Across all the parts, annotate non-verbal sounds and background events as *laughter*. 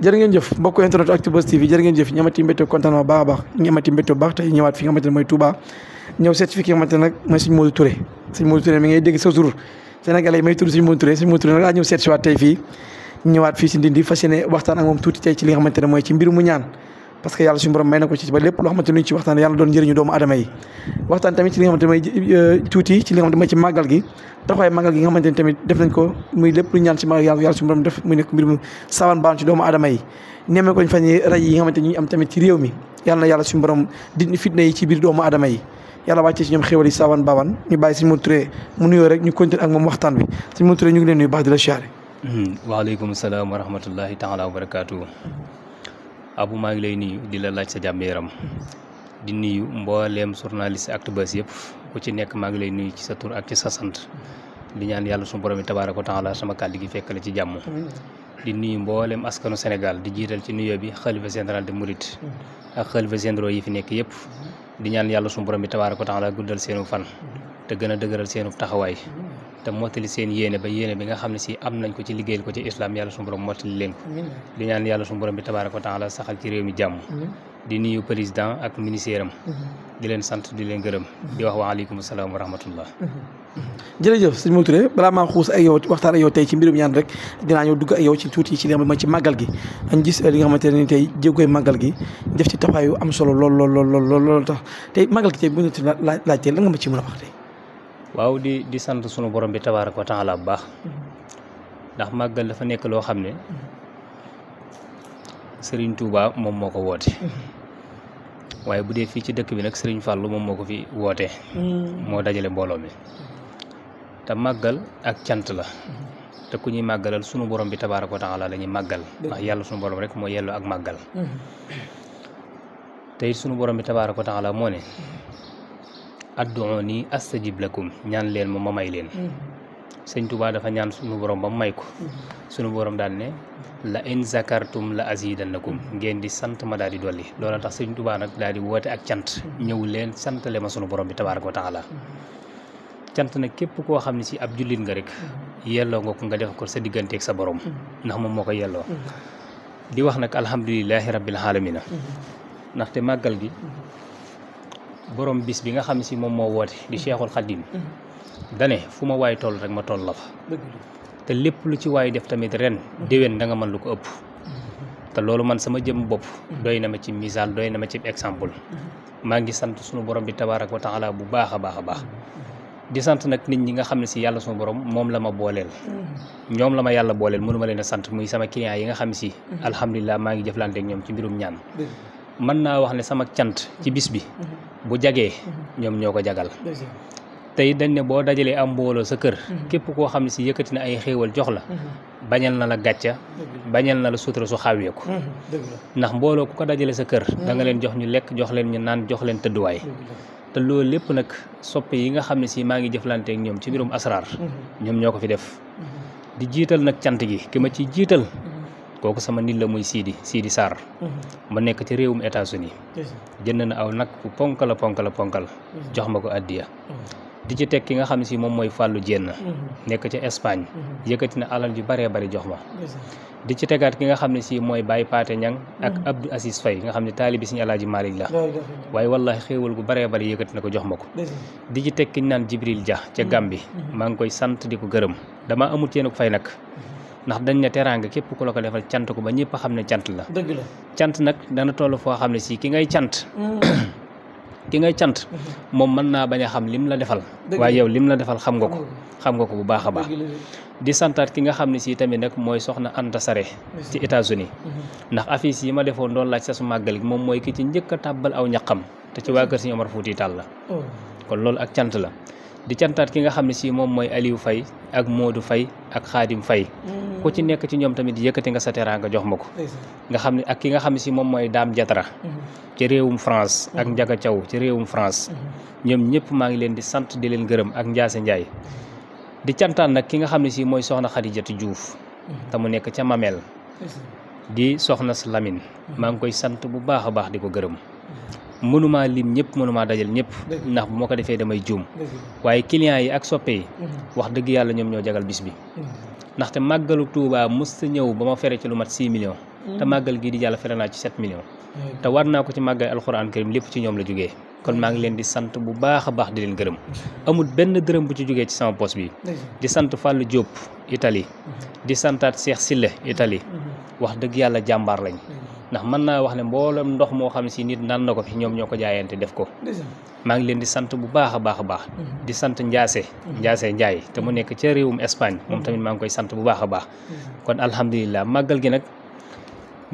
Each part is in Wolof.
jër ngeen jëf mbokk internet Actubuzz TV jërë ngeen jëf ñu amati mbéttu kontaan bu baax a baax ñu amati baax tey ñëwaat fi nga xamante ne mooy Touba ñëw certifié nga xamante ne mooy Serigne Modou Touré Serigne Modou Touré mi ngay dégg sa jour may tudd Serigne Modou Touré Serigne ñëw certifié waat tey fii ñëwaat fii si Ndindi fas yéene waxtaan ak moom tuuti tey ci li nga xamante ne mooy ci mbiru mu ñaan parce que yàlla suñu borom may na ko ci ba lépp loo xamante ni ñu ci waxtaan yàlla doon njëriñu doomu adama yi waxtaan tamit ci li nga xamante mooy euh, tuuti ci màggal gi taxawaay màggal gi nga yi raj yi nga xamante ñu am tamit ci réew mi yàlla na yàlla suñu borom di fitna yi ci biir doomu adama yi yàlla wàccee ci ñoom xéwal yi sawan baawan ñu bàyyi suñu Mourou mu nuyoo rek ñu continuer ak moom waxtaan bi suñu Mourou ñu ngi leen nuyu baax di la siyaare hmm, abu maa ngi lay nuyu di la laaj sa jàmm di nuyu mboolem mbooleem journaliste Actubuzz yëpp ku ci nekk maa ngi lay nuyu ci sa tur ak ci sa sant di ñaan yàlla suñu borom yi tabaaraka wa taala sama kàddu gi fekk ci jàmm di nuyu mboolem askanu senegal di jiital ci nuyoo bi xalifa général de Mouride ak xalifa généraux yi fi nekk yëpp di ñaan yàlla suñu borom yi ko wa taala guddal seenu fan te gën a dëgëral seenu taxawaay te mottali seen yéene ba yéene bi nga xam ne si am nañ ko ci liggéeyal ko ci islam yàlla suñu borom mottali leen ko di ñaan yàlla suñu borom bi tabaaraka wa taala saxal ci réew mi jàmm di nuyu président ak ministère am di leen sant di leen gërëm di wax waaleykum salaam wa rahmatullah jërëjëf sëñ Mame Touré balaa maa xuus ak yow waxtaan ak yow tey ci mbirum ñaan rek dinaa ñëw dugg ak yow ci tuuti ci li nga xam ne ci màggal gi añ gis ne tey jéggooy màggal gi def ci taxawaay yu am solo lool lool lool lool lool tax tey màggal gi tey bu ñu laaj nga ma ci mën a wax waaw di di sant sunu boroom bi tabaaraka ko taala bu baax mm-hmm. ndax màggal dafa nekk loo xam ne mm-hmm. sëriñ tuubaa moom moo ko woote mm-hmm. waaye bu dee fii ci dëkk bi nag sëriñ Fallou moom moo ko fi woote moo dajale mbooloo mi te màggal ak cant la te ku ñuy màggalal sunu borom bi tabaaraka wa taala lañuy màggal ndax yàlla sunu borom rek moo yelloo ak màggal sunu borom bi tabaaraka wa taala moo ne adduuni astajib lakum ñaan leen ma ma may leen mhm. sëñ tubaa dafa ñaan sunu borom ba mu may ko mhm. sunu borom daal ne la in zakartum la na azidannakum ngeen di sant ma daal di dolli loola tax sëñ tubaa nag daal di woote ak cant mhm. ñëw leen santale ma sunu borom bi tabaaraka wa taala cant nag képp koo xam ne si ab jullit nga rek yelloo nga ko nga def ko sa digganteek sa borom ndax moom moo ko yelloo di wax nag alhamdulilahi rabbil alamina ndaxte borom bis bi nga xam si moom moo woote di Cheikhul Khadim dane fu ma waay toll rek ma toll la fa te lépp lu ci waay def tamit ren déwén da nga mën lu ko ëpp te loolu man sama jëm bopp doy na ma ci misaal doy na ma ci exemple maa ngi sant sunu borom bi tabaaraka wa taala bu baax a baax a baax di sant nag nit ñi nga xam ne si yàlla sunu borom moom la ma booleel ñoom la ma yàlla booleel mënuma leen sant muy sama client yi nga xam si alhamdulilah maa ngi jëflante ak ñoom ci mbirum ñaan mën naa wax ne sama cant ci bis bi mhm. bu jagee mhm. ñoom ñoo ko jagal tey dañ ne boo dajalee am mbooloo sa kër mhm. képp koo xam ne si yëkkati na ay xéewal jox la bañal na la gàcca bañal na la sutura su xawweeku ndax mbooloo ku ko dajale sa kër danga leen jox ñu lekk jox leen ñu naan jox leen tëdduwaay te loolu lépp nag soppe yi nga xam ne si maa ngi jëflante ak ñoom ci mbirum asraar ñoom ñoo ko fi def di jiital nag cant gi ki ma ci jiital kooku sama nit la muy Sidi Sidi Sarr. Mhm. ma nekk ci réewum États-Unis jënd na aw nag ku ponkal a ponkal a ponkal jox ma ko addiya mhm. di ci teg ki nga xam ne si moom mooy Fallou Dieng mhm. nekk ca Espagne yëkkati na ki nga xam ne si mooy Baye Paate Ñang ak Abdou Assis Faye nga xam ne taalibi suñu Alaaji Maalik la waaye wallaahi xéewal gu baree bari yëkkati na ko jox ma ko di ci teg ki naan Jibril Dia ca Gàmbi maa ngi koy sant di ko gërëm dama amut yéen ko fay nag ndax dañ ne teraanga képp ku la ko defal cant ko ba ñëpp xam ne cant la. dëgg la cant nag dana toll foo xam ne si ki ngay cant. Mm. *coughs* ki ngay cant mm-hmm. moom mën naa bañ a xam lim la defal waaye yow lim la defal xam nga ko mm-hmm. xam nga ko bu baax a baax di santaat ki nga xam ne si tamit nag mooy soxna Anta Sare ci États-Unis mm-hmm. ndax affiche yi ma defoon doon laaj sa su màggal moom mooy ki ci njëkk a tàbbal aw ñaqam te ci waa kër Sëriñ Omar Fuuti Tall la oh. kon loolu ak cant la di cantaat ki nga xam ne si moom mooy Aliou Faye ak Modou Faye ak Khadim Faye mm-hmm. ku ci nekk ci ñoom tamit yëkkati nga sa nga jox ma ko nga xam ne ak ki nga xam ne si moom mooy Dame jatra mm-hmm. ci réewum France ak mm-hmm. Ndiaga Thiaw ca réewum France ñoom ñëpp maa ngi leen di sant di leen gërëm ak Ndiasse Ndiaye di cantaan nag ki nga xam ne si mooy soxna Khadijatu juuf te mu nekk ca mameel di soxna Lamine maa ngi koy sant bu baax a baax di ko gërëm mënumaa lim ñëpp mënumaa dajal ñëpp ndax bu ma ko defee damay juum waaye clients yi ak soppe yi wax dëgg yàlla ñoom ñoo jagal bis bi ndaxte màggalu Touba mës sa ñëw ba ma fere ci lu mat 6 millions mm. te màggal di jàll fere naa ci 7 millions war naa ko ci màggal alxuraan karim lépp ci ñoom la jógee kon maa ngi leen di sant bu baax a baax di leen gërëm amul benn dërëm bu ci jógee ci sama poste bi di sant Fallou Diop Italie mm-hmm. di santaat Cheikh Sille itali mm-hmm. wax dëgg yàlla jàmbaar lañ ndax mën naa wax ne mboolem ndox moo xam na ko fi ñoom ñoo ko jaayante def ko di sant bu baax a baax a baax mhm. di sant Njaase Njaase te mu nekk ca réewum Espagne moom tamit maa ngi koy sant bu baax a baax mhm. kon alhamdulilah màggal gi nag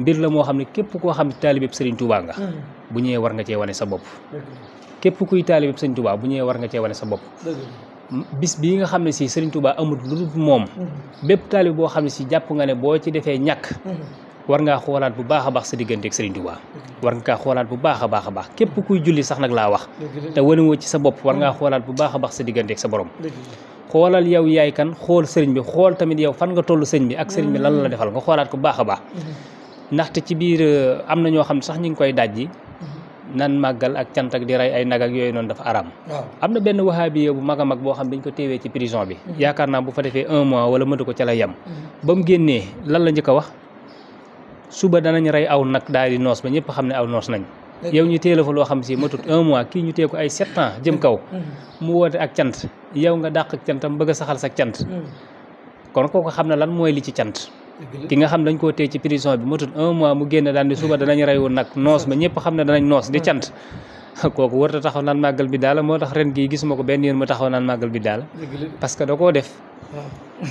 mbir la moo xam ne képp koo xam ne taalibeb Sëriñ Tuubaa nga mhm. bu ñëwee war nga cee wane sa bopp képp kuy taalibeb Sëriñ Tuubaa bu ñëwee war nga cee sa bopp bis bii nga xam si Sëriñ Tuubaa amul lu dul moom bépp taalib boo xam ne si jàpp nga ne boo ci defee ñàkk war ngaa xoolaat bu baax a baax sa digganteeg Serigne Touba war nga kaa xoolaat bu baax a baax a baax képp kuy julli sax nag laa wax te wanewoo ci sa bopp war ngaa xoolaat bu baax a baax sa digganteeg sa borom xoolal yow yaay kan xool sëriñ bi xool tamit yaw fan nga toll sëriñ bi ak sëriñ bi lan la defal nga xoolaat ko bu baax a baax ndaxte ci biir am na ñoo xam sax ñu ngi koy dajji nan màggal ak cant di rey ay nag ak yooyu noonu dafa araam am na benn wahabi bu mag a mag boo xam dañ ko téewee ci prison bi mhm. yaakaar naa bu fa defee un mois ko ca la yem mhm. ba mu a suba danañ rey aw nag daal di noos ba ñëpp xam ne aw noos nañ yow ñu téela fa loo xam si matut un mois kii ñu tee ko ay mm-hmm. Mm-hmm. nga dàq ak cantam bëgg saxal sa cant mm-hmm. kon kooku xam na lan mooy li ci cant ki nga xam dañ koo téye ci prison bi matut un mois mu génn daan di suba danañ rey woon nag noos ba ñëpp xam ne danañ noos di cant kooku warta taxaw naan màggal bi daal moo tax ren gis ma ko benn yoon ma taxaw naan màggal bi daal parce que da koo def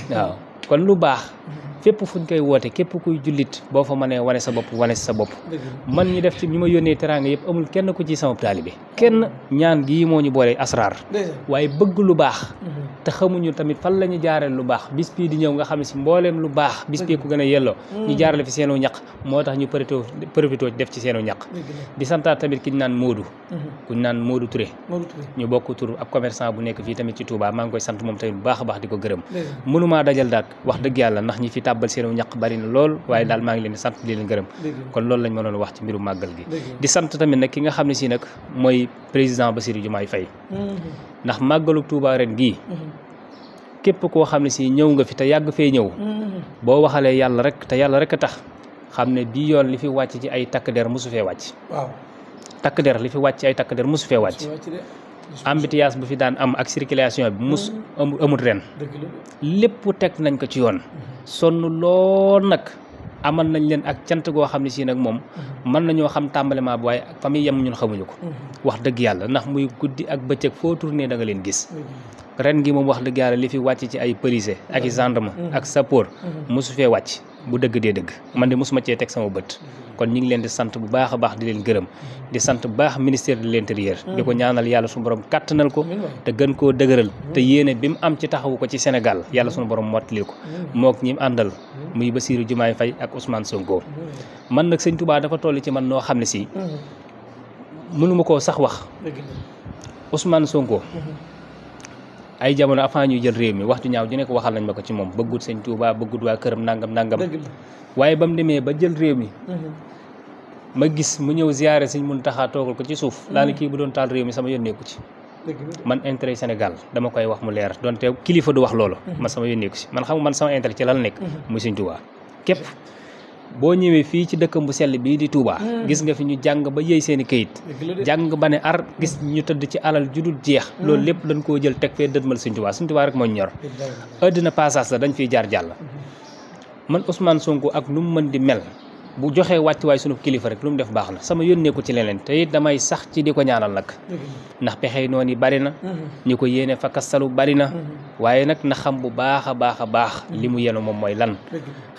waaw kon lu baax fépp fuñ koy woote képp kuy jullit boo fa mënee wane sa bopp wane sa bopp man ñi def ci ñi ma yónnee teraanga yëpp amul kenn ku ci sama taalibe kenn ñaan gii moo ñu boole asraar waaye bëgg lu baax mhm. te xamuñu tamit fan la ñu jaareel lu baax bis bii di ñëw nga xam si mbooleem lu baax bis bii ku gën a yelloo mm. ñu jaarale fi seenu ñaq moo tax ñu profito profito def ci seenu ñaq di santaat tamit ki ñu naan Moodu mhm. ku ñu naan Moodu Touré ñu bokk tur ab commerçant bu nekk fii tamit ci Touba maa ngi koy sant moom tamit bu baax a baax di tàbbal seenu ñaq bari na lool waaye daal maa ngi leen di sant di leen gërëm kon loolu lañ mënoon wax ci mbiru màggal gi di sant tamit nag ki nga xam ne si nag mooy président Bassirou Diomaye Faye mm-hmm. ndax màggalu Touba ren gii mm-hmm. képp koo xam ne si ñëw nga fi te yàgg fee ñëw mm-hmm. boo waxalee yàlla rek te yàlla rek a tax xam ne bii yoon li fi wàcc ci ay takk der mosu fee wàcc waaw bu fi daan am ak circulation bi mus amul ren lépp teg nañ ko ci yoon sonn lool nag amal nañ leen ak cant goo xam ne si nag moom mhm. mën nañoo xam tàmbalement bi waaye fa muy yem ñun xamuñu ko mhm. wax dëgg yàlla ndax muy guddi ak bëccëg foo tourné danga leen gis mhm. ren ngi moom wax dëgg yàlla li fi wàcc ci ay police ak i ak sapeur mosu fee wàcc bu dëgg dee dëgg man de mosuma cee teg sama bët kon ñu ngi leen di sant bu baax a baax di leen gërëm di sant bu baax ministère de l'intérieur di ko ñaanal yàlla suñu borom kàttanal ko te gën koo dëgëral te yéene bi mu am ci taxawu ko ci Sénégal yàlla suñu borom mottali ko mook ñi àndal muy Bassirou Diomaye Faye ak Ousmane Sonko man nag sëñ Touba dafa toll ci man noo xam ne si mënuma koo sax wax Ousmane Sonko ay jamono avant ñuy jël réew mi wax ju ñaaw ju nekk waxal nañ ma ko ci moom bëggut sëñ Touba bëggut waa këram nangam nangam waaye ba mu demee ba jël réew mi mhm. ma gis mu ñëw ziyaare sëñ Muntaxa toogal ko ci suuf mhm. laa ne kii bu doon taal réew mi sama yoon ci man intérêt Sénégal dama koy wax mu leer donte kilifa du wax loolu mhm. man sama yoon nekku ci man xam man sama intérêt ci lan nekk muy sëñ Touba képp boo ñëwee fii ci dëkkam bu sell bii di Touba. Hmm. gis nga fi ñu jàng ba yëy seen i kayit. jàng ba ne ar gis ñu tëdd ci alal ju dul jeex. Hmm. loolu lépp dañ koo jël teg fee dëdmal Sëñ Touba Sëñ Touba rek moo ñor. àddina passage la dañ fiy jaar jàll. Hmm. man Ousmane Sonko ak lu mu mën di mel. bu joxee wàccuwaay sunu kilifa rek lu mu def baax na sama yónneeku ci leneen te damay sax ci di ko ñaanal nag ndax pexey noonu bari na ñu ko yéene salu bari na waaye nag na xam bu baax a baax a baax li mu yenu moom mooy lan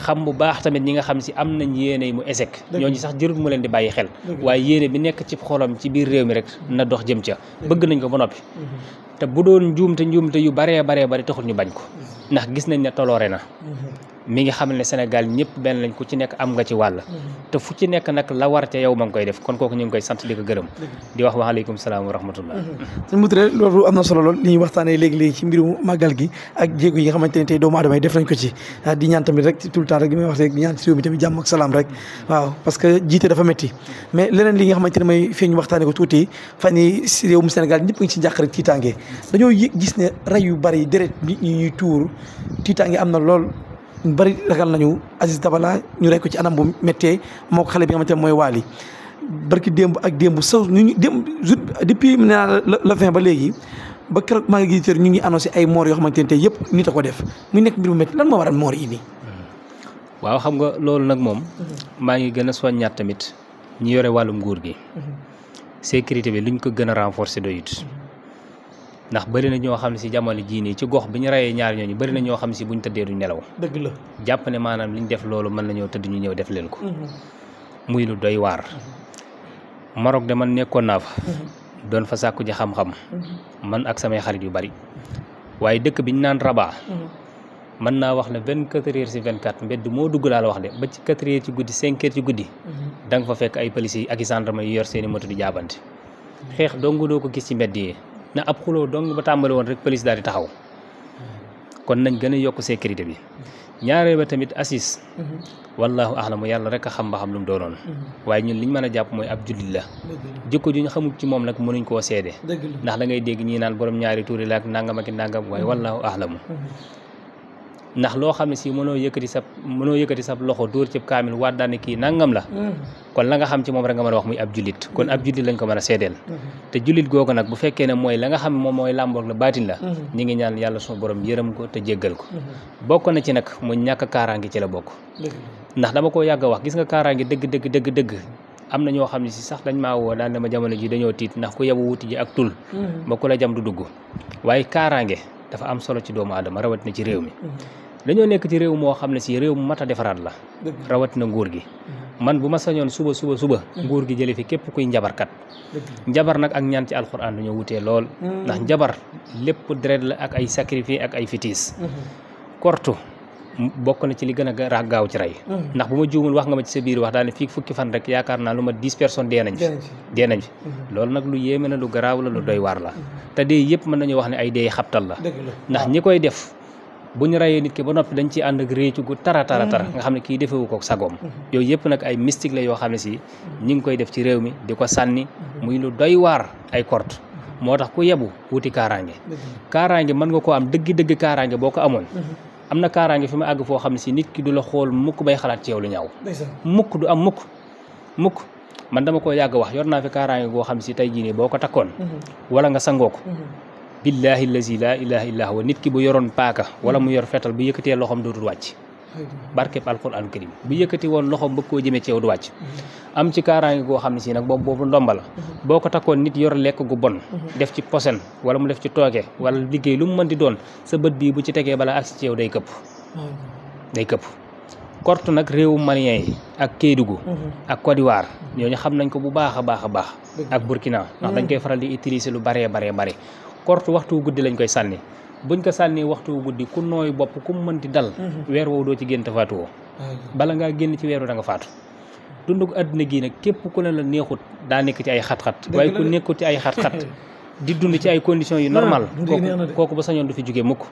xam bu baax tamit ñi nga xam si am nañ yéene yi mu échec ñooñu sax jërul mu leen di bàyyi xel waaye yéene bi nekk ci xolam ci biir réew mi rek na dox jëm ca bëgg nañ ko ba noppi mm-hmm. te bu doon njuumte njuumte yu baree baree bari taxul ñu bañ ko mm-hmm. ndax gis nañ ne toloore na mm-hmm. mi ngi xam ne Sénégal ñëpp benn lañ ku nekk am nga ci wàll ci nekk nag la war ca yow ma ngi koy def kon kooku ñu ngi koy sant di ko gërëm di wax waaleykum solo lool li ñuy waxtaanee léegi-léegi ci mbirum màggal gi ak jéego yi nga ne tey doomu aadama def nañ ko ci ah, di ñaan tamit rek tout le temps rek li mais leneen li nga ne may fii ñu waxtaanee ko tuuti fan yi si réewum Sénégal ñëpp ngi ci njàq rek tiitaange dañoo gis ne rey yu bari deret bi ñuy tuur tiitaange am na lool ñu bëri ragal nañu Aziz Dabala ñu rey ko ci anam bu méttee moo ko xale bi nga xamante ne mooy waali barki démb ak démb saw ñu ñu démb depuis nee naa fin ba léegi ba keroog maa ngi gis ñu ngi annoncé ay moor yoo xamante ne tey yëpp nit a ko def mu nekk mbir mu métti lan moo waral moor yi nii. Mm-hmm. waaw xam nga loolu nag moom. maa ngi gën a soññaat tamit ñu yore wàllum nguur gi. Mm-hmm. sécurité bi luñ ko gën a renforcer doyut mm-hmm. ndax bëri na ñoo xam ne si jamono jii nii ci gox bi ñu rayee ñaar ñooñu bëri na ñoo xam si buñ tëddee duñ nelaw. dëgg la jàpp ne maanaam liñ def loolu mën nañoo tëdd ñu ñëw def leen ko. Mhm. muy lu doy waar. Maroc de man nekkoon naa fa. Mhm. doon fa sàkku ji xam-xam. Mhm. man ak samay xarit yu bari. waaye dëkk bi ñu naan Rabat. mën naa wax ne vingt quatre heures si vingt mbedd moo dugg laa wax de ba ci quatre heures ci guddi cinq heures ci guddi. da nga fa fekk ay policiers ak i gendarmes yu yor seen i moto di jaabante. na ab xuloo dong ba tàmbali woon rek police daal di taxaw kon nañ gën a yokk sécurité bi ñaareel ba tamit assis wallahu ahlamu yàlla rek a xam ba xam lu mu doonoon waaye ñun liñ mën a jàpp mooy ab jullit la jikko ju ñu xamul ci moom nag mënuñ koo seede ndax da ngay dégg ñii naan borom ñaari tuuri la ak nangam ak i nangam waaye wallahu ahlamu ndax loo xam ne si mënoo yëkkati sa mënoo yëkkati sa loxo dóor cib kaamil waat daane kii nangam la mm-hmm. kon la nga xam ci moom rek nga mën a wax muy ab jullit kon ab mm-hmm. jullit lañ ko mën a seedeel mm-hmm. te jullit googu nag bu fekkee ne mooy la nga xam ne moom mooy làmboog la baatin la ñi ngi ñaan yàlla suñu borom yërëm ko te jéggal ko bokk na ci nag mu ñàkk kaaraange ci la bokk ndax dama koo yàgg a wax gis nga kaaraange dëgg dëgg dëgg dëgg am na ñoo xam ne si sax dañ maa woo daal dama jamono ji dañoo tiit ndax ku yebu wuti ji ak tul ba ku la jam du dugg waaye kaaraange dafa am solo ci doomu aadama rawatina ci réew mi dañoo nekk ci réew moo xam ne si réew mu mat a defaraat la na nguur gi man bu ma sañoon suba suba suba mm. nguur gi jële fi képp kuy njabarkat njabar nag ak ñaan ci alxuraan dañoo wutee lool mm. ndax njabar lépp deret la ak ay sacrifice ak ay fitiis mm-hmm. kortu bokk na ci li gën a gaaw ci rey mm-hmm. ndax bu ma juumul wax nga ma ci sa biir wax daal fii fukki fan rek yaakaar naa lu ma dix personnes dee nañ fi dee nañ fi mm-hmm. loolu nag lu yéeme na lu garaaw la lu doy waa la te dee yëpp mën nañu wax ne ay dee xabtal la ndax ñi koy def bu ñu rayee nit ki ba noppi dañ ci ànd ak réccu gu tara tara tara nga xam ne kii defewu ko sagoom yooyu yëpp nag ay mystique la yoo xam ne si ñi ngi koy def ci réew mi di ko sànni muy lu doy waar ay korte moo tax ku yebu wuti kaaraange kaaraange mën nga koo am dëgg-dëgg kaaraange boo ko amoon am na kaaraange fi àgg foo xam ne si nit ki du la xool mukk bay xalaat ci yow lu ñaaw mukk du am mukk mukk man dama koo yàgg wax yor naa fi kaaraange goo xam ne si tey jii boo ko takkoon mhm. wala nga sangoo ko mhm. billahi lazi la ilaha illa huwa nit ki bu yoroon paaka wala mu yor fetal bu yëkkatee loxoom dootul wàcc barkeb alquran karim bu yëkkati woon loxoom bëgg koo jëmee ceew du wàcc am ci kaaraange goo xam ne si nag boobu boobu la boo ko takkoon nit yor lekk gu bon def ci posen wala mu def ci tooge wala liggéey lu mu mën di doon sa bët bii bu ci tegee bala ak si ceew day këpp day këpp kort nag réewu Malien yi ak Kédougou ak Côte d'Ivoire ñooñu xam nañ ko bu baax a baax a baax ak Burkina ndax di utiliser lu baree baree bare korte waxtu wu guddi lañ koy sànni buñ ko sànnee waxtu wu guddi ku nooy bopp ku mu mënti dal mhm. weer woowu doo ci génn te faatu woo bala ngaa génn ci weeru da nga faatu dund ko àdduna gii nag képp ku ne la neexut daa nekk ci ay xat-xat waaye ku nekkut ci ay xat-xat *laughs* di dund ci ay conditions yu normal ah, kooku ba sañoon du fi jógee mukk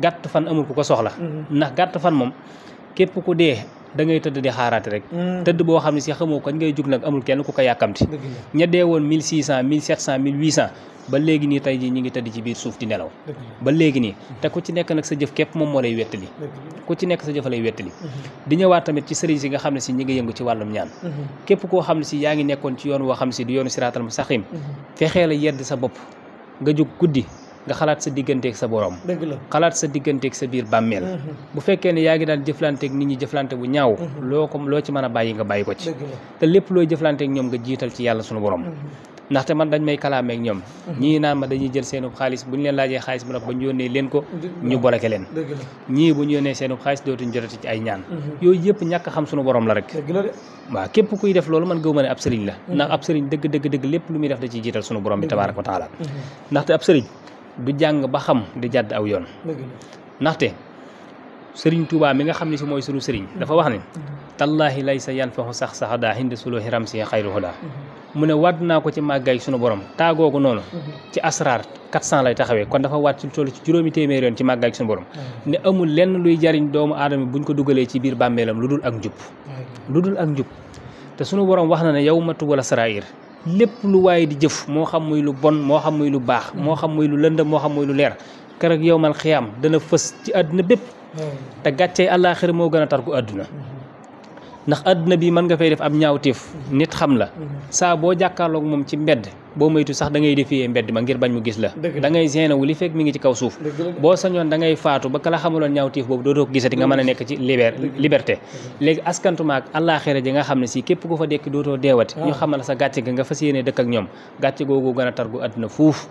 gàtt fan amul ku ko soxla mhm. ndax gàtt fan moom képp ku dee da ngay tëdd di xaaraate rek mm. tëdd boo xam ne si xamoo kañ ngay jug nag ba léegi nii tey jii ñu ngi tëdd ci biir suuf di nelaw ba léegi nii te ku ci nekk nag sa jëf képp moom moo lay wettali ku ci nekk sa jëf lay wettali mhm. di ñëwaat tamit ci sëriñ si nga xam ne si ñi ngi yëngu ci wàllum ñaan mhm. képp koo xam ne si yaa ngi nekkoon ci yoon woo xam ne si du yoonu siraatal mustaqim mhm. fexee la yedd sa bopp nga jóg guddi nga xalaat sa digganteeg sa borom. dëgg la xalaat sa digganteeg sa biir bàmmeel. Mm-hmm. bu fekkee ne yaa ngi daan jëflanteeg nit ñi jëflante bu ñaaw. Mm-hmm. loo ko loo ci mën a bàyyi nga bàyyi ko ci. te lépp looy jëflanteeg ñoom nga jiital ci yàlla sunu borom. Mm-hmm. ndaxte man dañ may kalaameeg ñoom ñii naan ma dañuy jël seenub xaalis bu ñu leen laajee xaalis bu nag ba ñu yónnee leen ko ñu boloke leen ñii bu ñu yónnee seenub xaalis dootuñ jotati ci ay ñaan yooyu yëpp ñàkk xam suñu borom la rek waaw képp kuy def loolu man gëw ma ne ab sëriñ la ndax ab sëriñ dëgg dëgg dëgg lépp lu muy def da ciy jiital suñu borom bi tabaaraka wa taala ndaxte ab du jàng ba xam di jàdd aw yoon ndaxte sëriñ Touba mi nga xam ne si mooy sunu sëriñ dafa wax ne tallaahi lay sa yan faxu sax sax daa hindi suloo hiram si xayru hudaa mu ne waat naa ko ci màggaay sunu borom taagoogu noonu ci asraar 400 lay taxawee kon dafa waat ci toll ci juróomi téeméer yoon ci màggaay sunu borom ne amul lenn luy jariñ doomu aadama buñ ko dugalee ci biir bàmmeelam lu dul ak njub lu dul ak njub te sunu borom wax na ne yow matu lépp lu waaye di jëf moo xam muy lu bon moo xam muy lu baax moo xam muy lu lënd moo xam muy lu leer keroog yowmal xiyaam dana fas ci àdduna bépp hmm. te gàccey àllaaxira moo gën a tar ku àdduna hmm. ndax àdduna bi mën nga fay def ab ñaawteef nit xam la saa boo jàkkaarloog moom ci mbedd boo moytu sax da ngay defiyee mbedd ma ngir bañ mu gis la da ngay gêné wu li fekk mu ngi ci kaw suuf boo sañoon da ngay faatu ba kala xamaloon ñaawteef boobu dootoo ko gisati nga mën a nekk ci liber liberté léegi askantuma ak àllaaxira ji nga xam ne sii képp ku fa dekk dootoo deewati ah. ñu xamal sa gàcce ga nga fas yéene dëkk ak ñoom gàcce googu gën a targu àdduna fuuf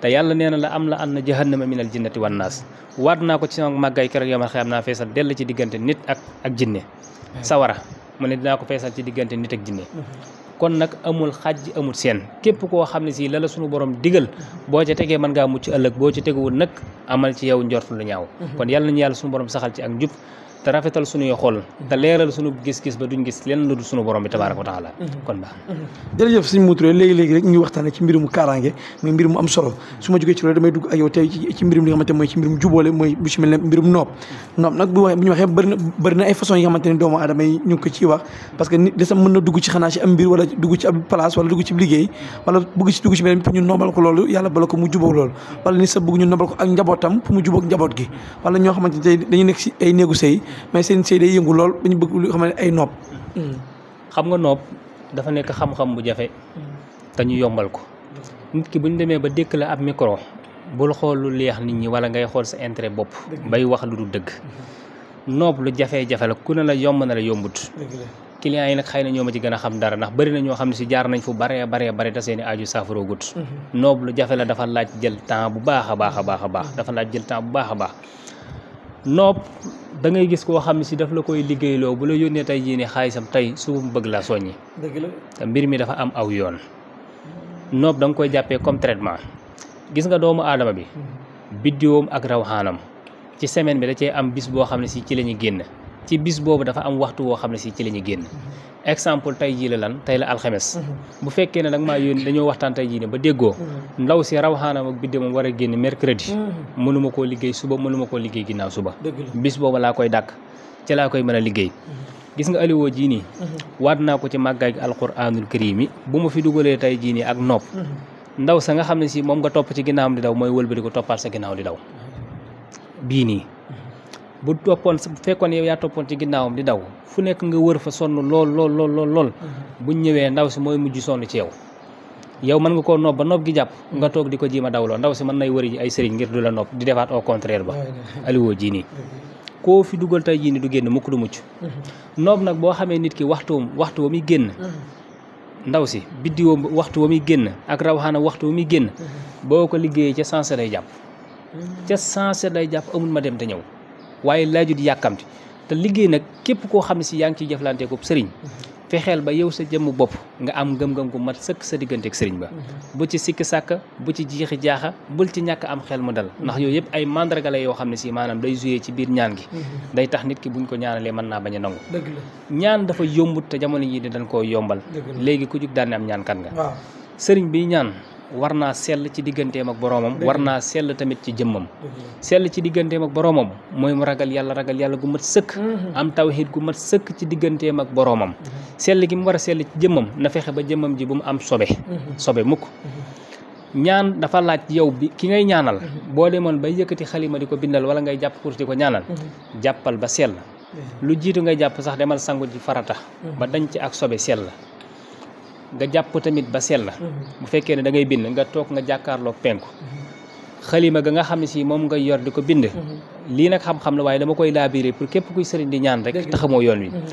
te yàlla nee na la am la an na jahannama minal jinnati wan naas waat naa ko ci sama màggay keroog yomal xiyam naa feesal dell ci diggante ak ak jinne ah. sawara mu ne dinaa ko feesal ci diggante nit ak jinne kon nag amul xajj amul seen képp koo xam ne si la la suñu borom digal boo ca tegee man ngaa mucc ëllëg boo ca teguwul nag amal ci yow njortu lu ñaaw mhm. kon yàlla nañu yàlla suñu borom saxal ci ak njub rafetal suñuy xol te leeral suñu gis-gis ba duñ gis lenn lu dul borom bi tabaaraka wa taala mhm. kon baax mhm. jërëjëf sëñ léegi léegi rek ñu waxtaane ci mbirum kaaraange muy mbirum noob noob mhm. nag bu waxee bëri ay façon yi xamante ne doomu aadama yi ko ciy wax parce que nit mën na dugg ci xanaa ci am mbir wala dugg ci ab place wala dugg ci liggéey wala bëgg ci dugg ci beneen pour ñu noobal ko loolu yàlla bala ko mu jubóo loolu wala ni sa bëgg ñu mais seen sëy day yëngu lool ba ñu bëgg lu xam ne ay noob. Hmm. xam nga noob dafa nekk xam-xam bu jafe hmm. te ñu yombal ko hmm. nit ki bu ñu demee ba dékk la ab micro bul xool lu leex nit ñi wala ngay xool sa intérêt bopp bay wax lu dul dëgg noob lu jafe-jafe la ku ne la yomb na la yombut clients yi nag xëy na ñoo ma ci gën a xam dara ndax bëri na ñoo xam ne si jaar nañ fu bare baree bare te seeni aju saafara gut noob lu jafe la dafa laaj jël temps bu baax a baax baax a baax dafa bu baax nopp da ngay gis koo xam ne si daf la koy liggéeyloo bu la yónnee tey jii ne xaalisam tey suba mu bëgg la soññi. dëgg la te mbir mi dafa am aw yoon. nopp da nga koy jàppee comme traitement gis nga doomu aadama bi. Mm-hmm. biddiwoom ak raw xaanam ci semaine bi da cee am bis boo xam ne si ci la génn. ci bis boobu dafa am waxtu woo xam ne si ci la ñuy génn exemple tey jii la lan tey la alxames mhm. bu fekkee ne nag maa yónni dañoo waxtaan tey jii ne ba déggoo mhm. ndaw si rawaxaanam ak bidde moom war a génn mercredi mhm. mënuma koo liggéey suba mënuma koo liggéey ginnaaw suba bis boobu laa koy dàkk ci laa koy mën a liggéey gis nga aliwoo jii nii waat naa ko ci màggaay gi alquranul karim yi bu ma fi dugalee tey jii nii ak nopp ndaw sa nga xam ne si moom nga topp ci ginnaawam di daw mooy wëlbati ko toppaat ginnaaw di daw bu toppoon bu fekkoon yow yaa toppoon ci ginnaawam di daw fu nekk nga wër fa sonn lool lool lool lool lool mhm. bu ñëwee ndaw si mooy mujj sonn ci yow yow mën nga koo nopp ba nopp gi jàpp nga mhm. toog di ko daw dawloo ndaw si mën nay wëri ji ay sëriñ ngir du la nopp di defaat au contraire ba aliwoo jii nii mhm. koo fi dugal tey jii nii du génn mukk du mucc noob nag boo xamee nit ki waxtuwam waxtu wa muy génn ndaw si biddiwoom waxtu wa muy génn ak rawaxaana waxtu wa muy génn boo ko liggéeyee ca sensé lay jàpp ca sensé lay jàpp amul ma dem te ñëw waaye di yàkkamti te liggéey nag képp koo xam ne si yaa ngi ciy jëflanteeku sëriñ fexeel ba yow sa jëmm bopp nga am ngëm-ngëm gu mat sëkk sa digganteeg sëriñ ba bu ci sikk sàkk bu ci jiixi jaaxa bul ci ñàkk am xel mu dal ndax yooyu yëpp ay mandarga yoo xam ne si maanaam day joué ci biir ñaan gi day tax nit ki buñ ko ñaanalee mën naa bañ a nangu ñaan dafa yombut te jamono yi di dañ koo yombal léegi ku jug daan am ñaan kan nga sëriñ bi war naa sell ci digganteem ak boroomam war naa sell tamit ci jëmmam sell ci digganteem ak boroomam mooy mu ragal yàlla ragal yàlla gu mat sëkk mhm. am tawxiid gu mat sëkk ci digganteem ak boroomam mhm. sell gi mu war a sell ci jëmmam na fexe ba jëmmam ji bu mu am sobe mhm. sobe mukk ñaan dafa laaj yow bi ki ngay ñaanal boo demoon bay yëkkati xalima di ko bindal wala ngay jàpp kurus di ko ñaanal jàppal ba sell lu jiitu ngay jàpp sax demal sangu ji farata ba dañ ci ak sobe sell nga jàpp tamit ba sell mhm. bu fekkee ne dangay bind nga toog nga jàkkaarloog penku xalima ga nga xam ne si moom nga yor di ko bind mhm. lii nag xam-xam la waaye dama koy laabiré pour képp kuy sëriñ di ñaan rek taxamoo yoon wi mhm.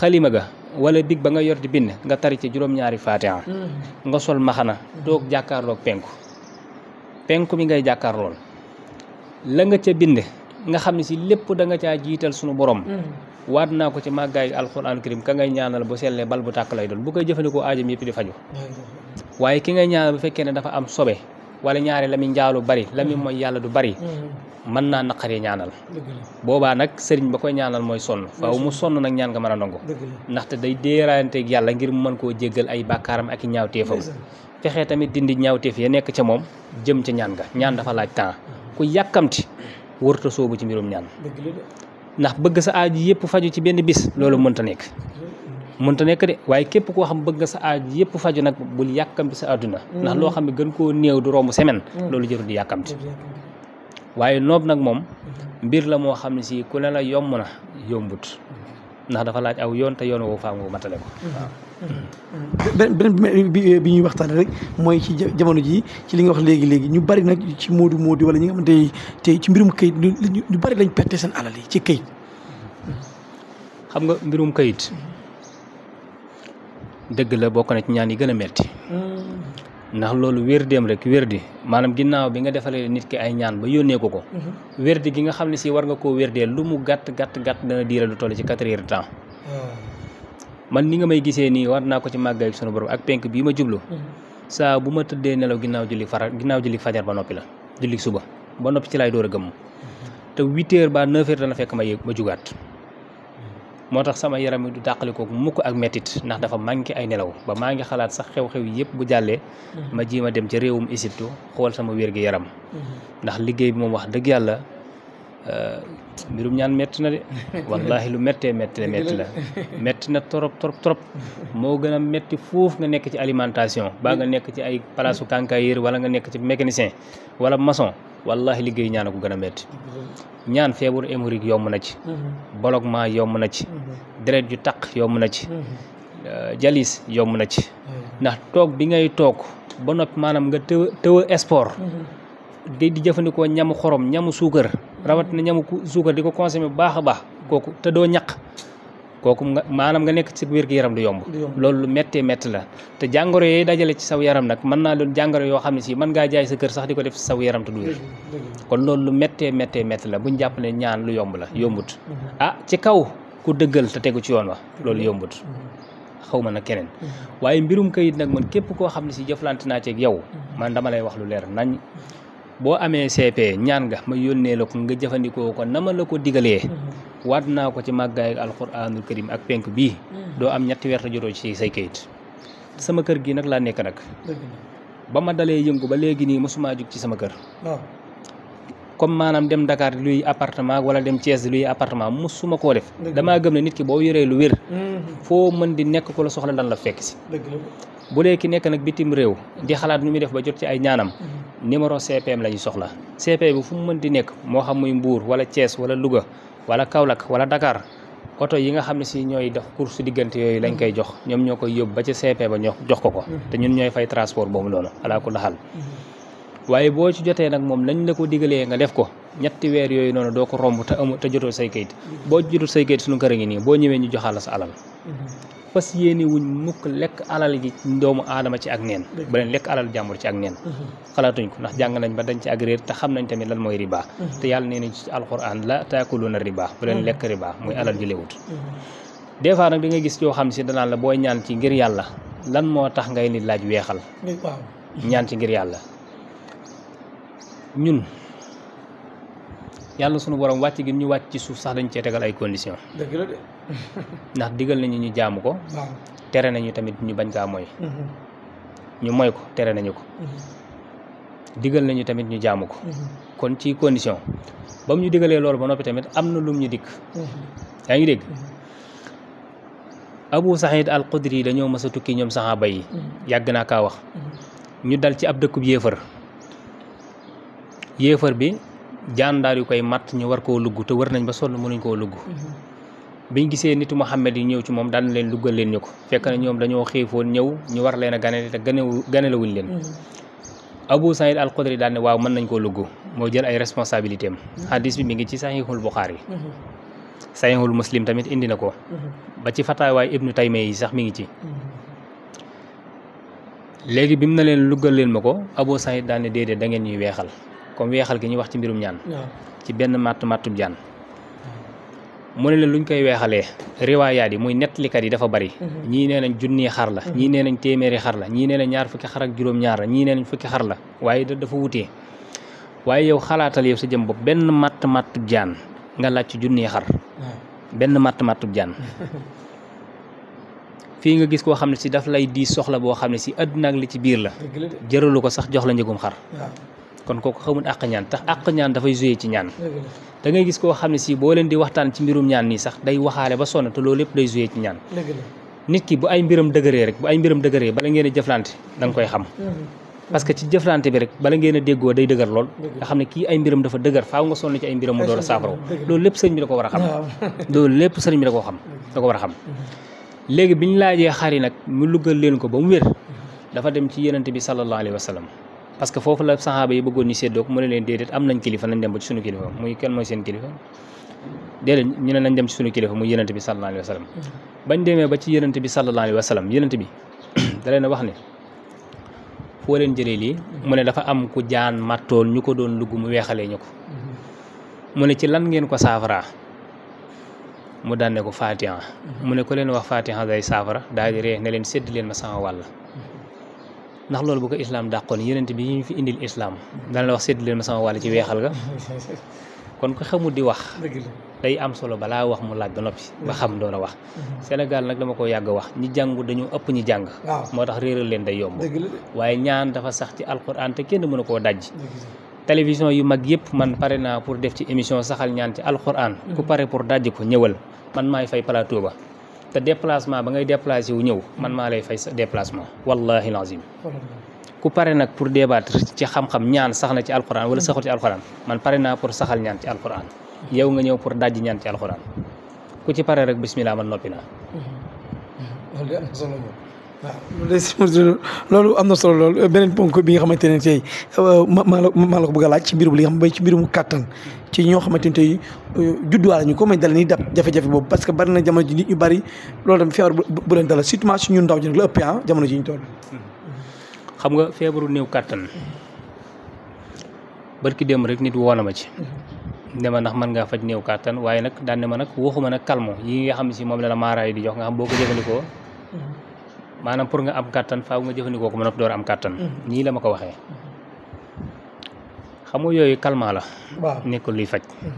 xalima ga wala big ba nga yor di bind nga tari ca juróom-ñaari fatiha nga sol maxana toog jàkkaarloog penku penku mi ngay jàkkaarlool la nga ca bind nga xam ne si lépp da nga caa jiital sunu boroom waat naa ko ci màggaayu alxuraan karim ka ngay ñaanal bu sellee bal bu tàkk lay doon bu koy jëfandikoo aajam yëpp di faju waaye ki ngay ñaanal bu fekkee ne dafa am sobe wala ñaari la muy njaalu bari la muy mm-hmm. mooy yàlla du bari mm-hmm. mën naa naqaree ñaanal boobaa nag sëriñ ba koy ñaanal mooy sonn faaw mu sonn nag ñaan nga mën a nangu ndaxte day déeraanteeg yàlla ngir mu mën koo jéggal ay bàkkaaram ak i ñaaw ñaawteefam fexe tamit dindi ñaawteef yi nekk ca moom jëm ca ñaan nga ñaan dafa laaj mm-hmm. ku yàkkamti wërta ci mbirum ñaan ndax bëgg sa aaj yëpp faju ci benn bis loolu mënta nekk ta nekk de waaye képp koo xam bëgg nga sa aaj yëpp faju nag bul yàkkamti sa àdduna mm-hmm. ndax loo xam ne gën koo néew du romb semaine mm-hmm. loolu jëru di yàkkamti waaye noob nag moom mm-hmm. mbir la moo xam ne si ku ne la yomb na yombut ndax dafa laaj aw yoon te yoon woo faa ngu matale ko beneen bi ñuy waxtaan rek mooy ci jamono ji ci li nga wax léegi léegi ñu bari nag ci moodu moodu wala ñi nga xamante ne tey ci mbirum kayit ñu bari lañ perte seen alal yi ci kayit. xam nga mbirum kayit dëgg la bokk na ci ñaan yi gën a metti ndax loolu wér-déem rek wér-di maanaam ginnaaw bi nga defalee nit ki ay ñaan ba yónnee ko ko. wér gi nga xam ne si war nga koo wér lu mu gàtt gàtt gàtt dana diire lu ci quatre heures de temps. man ni nga may gisee nii war naa ko ci màggaay sunu borom ak penk bii ma jublu mm-hmm. saa bu ma tëddee nelaw ginnaaw julli faral ginnaaw julli fajar ba noppi la julli suba ba noppi ci laay door a gëmm mm-hmm. te huit ba neuf dana fekk ma yéeg ma jugaat mm-hmm. moo tax sama yaram wi du tàqalikoo mukk ak mettit ndax dafa manqué ay nelaw ba maa ngi xalaat sax xew-xew yëpp bu jàllee ma jéem a dem ca réewum Égypte xool sama wér gi yaram ndax liggéey bi moom wax dëgg yàlla euh, mbirum ñaan métti na de *laughs* wallaahi lu méttee méttee la métti *laughs* na trop trop trop moo gën a métti foofu nga nekk ci alimentation baa nga nekk ci ay palaasu kànkaayir wala nga nekk ci mécanicien wala maçon wallaahi liggéey ñaan a ko gën a métti ñaan feebaru hémorroïde yomb na ci mmh. bologement yomb na ci mmh. deret ju taq yomb na ci mmh. euh, jalis yomb na ci ndax toog bi ngay toog ba noppi maanaam nga tëw tëw sport di jëfandikoo ñamu xorom ñamu suukar rawat na ñamu suukar di ko consommer bu baax a baax kooku te doo ñaq kooku nga maanaam nga nekk ci wér gu yaram du yomb loolu lu méttee métti la te jàngoro yooyu dajale ci saw yaram nag mën naa doon jàngoro yoo xam ne si mën ngaa jaay sa kër sax di ko def ci saw yaram te du kon loolu lu méttee méttee métti la buñ jàpp ñaan lu yomb la yombut mm-hmm. a ah, ci kaw ku dëggal te tegu ci yoon wa loolu mm-hmm. yombut mm-hmm. xaw ma nag keneen waaye mbirum kayit nag man képp koo xam ne si jëflante naa ci ak yow man dama lay wax lu leer boo amee CP ñaan nga ma yónnee la ko nga jëfandikoo ko nama la ko digalee mhm. waat naa ko ci màggaay alxuraanul karim ak penk bii mhm. doo am ñetti weer te ci say kayit sama kër gi nag laa nekk nag ba ma dalee yëngu ba léegi nii mosuma jug ci sama kër comme maanaam dem Dakar luy appartement wala dem Thiès luy appartement mosuma koo def damaa gëm ne nit ki boo yoree lu wér mhm. foo mën di nekk ko la soxla lan la fekk si bu dee nekk nag bitim réew di xalaat nu def ba jot ci ay ñaanam numéro CPM la ñu soxla CP bi fu mu mën nekk moo xam muy Mbour wala Thiès wala luga wala Kaolack wala dakaar oto yi nga xam ne si ñooy def course diggante yooyu lañ koy jox ñoom ñoo koy yóbbu ba ca CP ba ñoo jox ko ko mm-hmm. te ñun ñooy fay transport boobu noonu alaa ku laxal mm-hmm. waaye boo ci jotee nag moom lañ la ko digalee nga def ko ñetti weer yooyu noonu doo ko romb te amu te jotoo say kayit mm-hmm. boo jotul say kayit suñu kër a ngi nii boo ñëwee ñu joxal la sa alal fas yéene wuñ mukk lekk alal ji doomu aadama ci ak neen ba leen lekk alal jàmbur ci ak neen mhm. xalaatuñ ko ndax jàng nañ ba dañ ci ak réer te xam nañ tamit lan mooy riba mhm. te yàlla nee ci alquran la taakuluna riba bu leen mhm. lekk riba muy alal ju lewut des fois nag da nga gis yoo xam si danaan la booy ñaan ci ngir yàlla lan moo tax ngay nit laaj weexal ñaan ci ngir yàlla ñun yàlla sunu borom wàcc gi ñu wàcc ci suuf sax dañ cee tegal ay condition dëgg la de ndax digal nañu ñu jaamu ko tere nañu tamit ñu bañ kaa mooy mhm. ñu moy ko tere nañu ko mhm. digal nañu tamit ñu jaamu ko mhm. kon ci condition ba mu ñu digalee loolu ba noppi tamit am na lum ñu dikk yaa ngi dégg Abu Saïd al Xudri dañoo mës a tukki ñoom saxaaba yi yàgg naa kaa wax ñu dal ci ab dëkkub yéefar yéefar bi jaan daal yu koy mat ñu war koo lugg te wër nañ ba sonn mënuñ koo lugg biñ gisee nitu Muhammad yi ñëw ci moom daan leen luggal leen ñu ko fekk na ñoom dañoo xiifoon ñëw ñu war leen a ganale te ganalewuñ leen hmm. Abu Saïd al Xudri daal waaw mën nañ koo lugg moo jël ay responsabilité am hmm. hadis bi mi ngi ci saxiixul Buxaari yi hmm. saxiixul Muslim tamit indi na ko ba ci fataawaay ibnu Taymiya yi sax mi ngi ci léegi bi mu na leen luggal leen ma ko a Saïd daal da ngeen ñuy weexal comme weexal gi ñuy wax ci mbirum ñaan ci benn màtt màttum jaan mu ne la luñ koy weexalee riwaayaat yi muy nettalikat yi dafa bari mhm. ñii nee nañ junni xar la ñii nee nañ téeméeri xar la ñii nee nañ ñaar fukki xar ak juróom-ñaar la ñii nee nañ fukki xar la waaye dafa wutee waaye yow xalaatal yow sa jëm bopp benn màtt màttu jaan nga laaj ci junni xar benn màtt màttu jaan *laughs* fii nga gis koo xam ne si daf lay di soxla boo xam ne si àdduna ak li ci biir la jëralu ko sax jox la njëgum xar kon kooku xamul àq ñaan tax àq ñaan dafay joué ci ñaan da ngay gis koo xam ne si boo leen di waxtaan ci mbirum ñaan nii sax day waxaale ba sonn te loolu lépp day joué ci ñaan nit ki bu ay mbiram dëgëree rek bu ay mbiram dëgëree bala ngeen a jëflante danga koy xam parce que ci jëflante bi rek bala ngeen déggoo day dëgër lool nga xam ne kii ay mbiram dafa dëgër faaw nga sonn ci ay mbiram mu door a saafaraw loolu lépp sëriñ bi da ko war xam *laughs* lépp sëriñ bi da ko xam da ko war a xam mm-hmm. léegi bi ñu laajee xar yi nag mu leen ko ba mu wér mm-hmm. dafa dem ci yenente bi sallallahu alayhi wa sallam parce que foofu la saxaaba yi bëggoon ñu séddoo ko mu ne leen déedéet am nañ kilifa nañ dem ba ci suñu kilifa muy kenn mooy seen kilifa déedéet ñu ne nañ dem ci suñu kilifa muy yonent bi sallallahu alayhi wa mm-hmm. bañ demee ba ci yonent bi sallallahu alayhi wa sallam yonent bi *coughs* da a wax ne foo leen jëlee mm-hmm. mu ne dafa am ku jaan mattoon ñu ko doon lugg mu weexalee ñu ko mm-hmm. mu ne ci lan ngeen ko saafaraa mu daane ko Fatiha mu ne ko leen wax Fatiha day saafara daal di ree ne leen sédd leen ma sama wàll ndax loolu bu ko islaam dàqoon yenent bi ñu fi indil islaam dana la wax sédd leen ma sama wàll ci weexal ga *laughs* kon ko xamul di wax day am solo balaa wax mu laaj ba noppi ba xam doon a wax mhm. Sénégal nag dama ko yàgg wax ñi jàngu dañu ëpp ñi jàng moo tax réeral leen day yomb waaye ñaan dafa sax ci alxuraan te kenn mënu koo dajj télévision yu mag yëpp man pare naa pour def ci émission saxal ñaan ci alxuraan ku mhm. pare pour dajj ko ñëwal man maay fay plateau ba te déplacement ba ngay déplacé wu ñëw man maa lay fay sa déplacement wallahi lazim ku pare nag pour débattre ci xam-xam ñaan sax na ci alxuraan wala saxul ci alxuraan man pare naa pour saxal ñaan ci alxuraan yow nga ñëw pour dajji ñaan ci alxuraan ku ci pare rek bismillah man noppi naa waaw loolu am na solo loolu beneen ponk bi nga xamante ne tey maa la maa la ko bëgg a laaj ci mbirum li nga xam bay ci mbirum kàttan ci ñoo xamante ne tey euh, judduwaale ñu ko may dal ni dab jafe parce que bari na jamono ji nit ñu bari loolu tam feebar bu leen dala surtout su ñun ndaw ji nag la ëpp ah jamono ji ñu toll. xam nga feebaru néew kàttan barki démb rek nit woona ma ci. ne ma ndax man ngaa faj néew kàttan waaye nag daan ne ma nag waxuma nag calmant yi nga xam si moom la la maaraay di jox nga xam boo ko jëfandikoo maanaam pour nga am kàttan faaw nga jëfandikoo ko mën a door am kàttan mhm. nii la ma ko waxee xam nga yooyu calmant la nekkul luy faj mhm.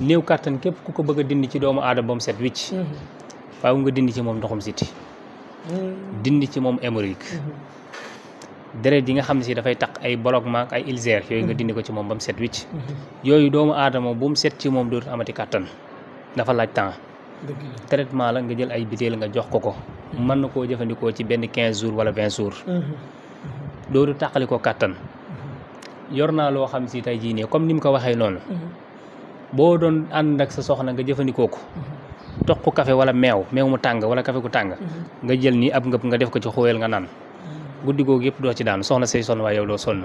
néew kàttan képp ku ko bëgg a dindi ci doomu aadama ba mu set wicc mhm. faaw nga dindi ci moom ndoxum siti ci moom hémorroïde deret nga xam si dafay tax ay bloquement ay ulcère yooyu nga ko ci moom ba mu set wicc yooyu doomu aadama bu mu set ci moom dootu amati kàttan dafa laaj temps traitement la nga jël ay bitéel nga jox ko ko hmm. mën na koo jëfandikoo ci benn quinze jours wala vingt jours doodu hmm. hmm. tàqali ko kàttan yor naa loo xam si tey jii ne comme ni mu ko waxee noonu boo doon ànd ak sa soxna nga jëfandikoo ko toq kafe wala meew meew mu tàng wala kafe ku tàng nga jël nii ab ngëpp nga def ko ci xóoyal nga naan guddi googu yëpp doo ci daanu soxna say sonn waaye yow doo sonn